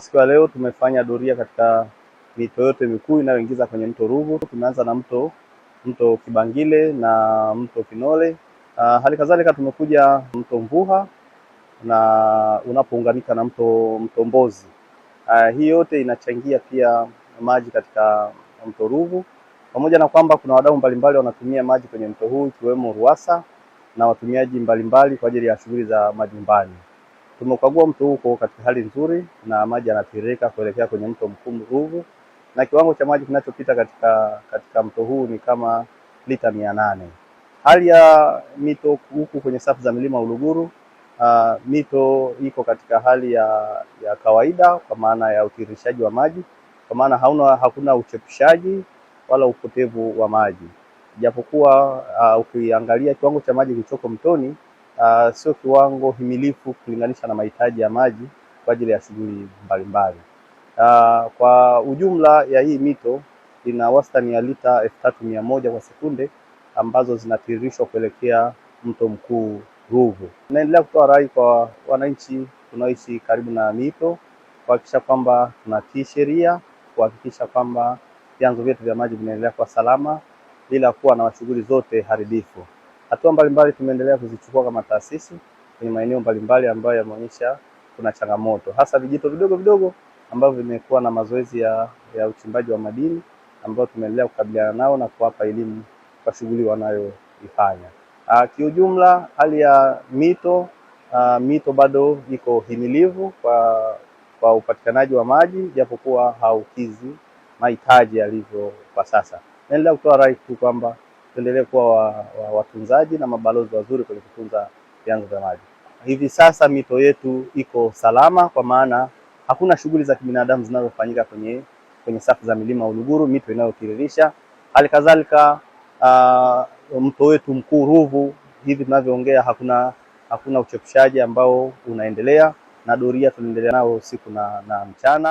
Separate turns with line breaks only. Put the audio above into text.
Siku ya leo tumefanya doria katika mito yote mikuu inayoingiza kwenye mto Ruvu. Tumeanza na mto mto Kibangile na mto Kinole. Uh, hali kadhalika tumekuja mto Mvuha na unapounganika na mto mto Mbozi. Uh, hii yote inachangia pia maji katika mto Ruvu, pamoja na kwamba kuna wadau mbalimbali wanatumia maji kwenye mto huu ikiwemo RUWASA na watumiaji mbalimbali kwa ajili ya shughuli za majumbani. Tumeukagua mto huko katika hali nzuri na maji yanatiririka kuelekea kwenye mto mkuu Ruvu na kiwango cha maji kinachopita katika, katika mto huu ni kama lita mia nane. Hali ya mito huku kwenye safu za milima Uluguru Uh, mito iko katika hali ya, ya kawaida kwa maana ya utiririshaji wa maji kwa maana hauna, hakuna uchepushaji wala upotevu wa maji, japokuwa uh, ukiangalia kiwango cha maji kilichoko mtoni uh, sio kiwango himilifu kulinganisha na mahitaji ya maji kwa ajili ya shughuli mbalimbali. Uh, kwa ujumla ya hii mito ina wastani ya lita elfu tatu mia moja kwa sekunde ambazo zinatiririshwa kuelekea mto mkuu Ruvu. Naendelea kutoa rai kwa wananchi tunaoishi karibu na mito kuhakikisha kwamba tunatii sheria, kuhakikisha kwamba vyanzo vyetu vya maji vinaendelea kuwa salama bila kuwa na shughuli zote haribifu. Hatua mbalimbali tumeendelea kuzichukua kama taasisi kwenye maeneo mbalimbali ambayo yameonyesha kuna changamoto, hasa vijito vidogo vidogo ambavyo vimekuwa na mazoezi ya, ya uchimbaji wa madini ambayo tumeendelea kukabiliana nao na kuwapa elimu kwa shughuli wanayoifanya. Ah, kiujumla, hali ya mito a, ah, mito bado iko himilivu kwa, kwa upatikanaji wa maji japokuwa haukizi mahitaji yalivyo kwa sasa. Naendelea kutoa rai tu kwamba tuendelee kuwa watunzaji wa, wa na mabalozi wazuri kwenye kutunza vyanzo vya maji. Hivi sasa mito yetu iko salama, kwa maana hakuna shughuli za kibinadamu zinazofanyika kwenye, kwenye safu za milima Uluguru, mito inayotiririsha. Hali kadhalika uh, mto wetu mkuu Ruvu, hivi tunavyoongea hakuna hakuna uchepushaji ambao unaendelea na doria tunaendelea nao siku na, na mchana.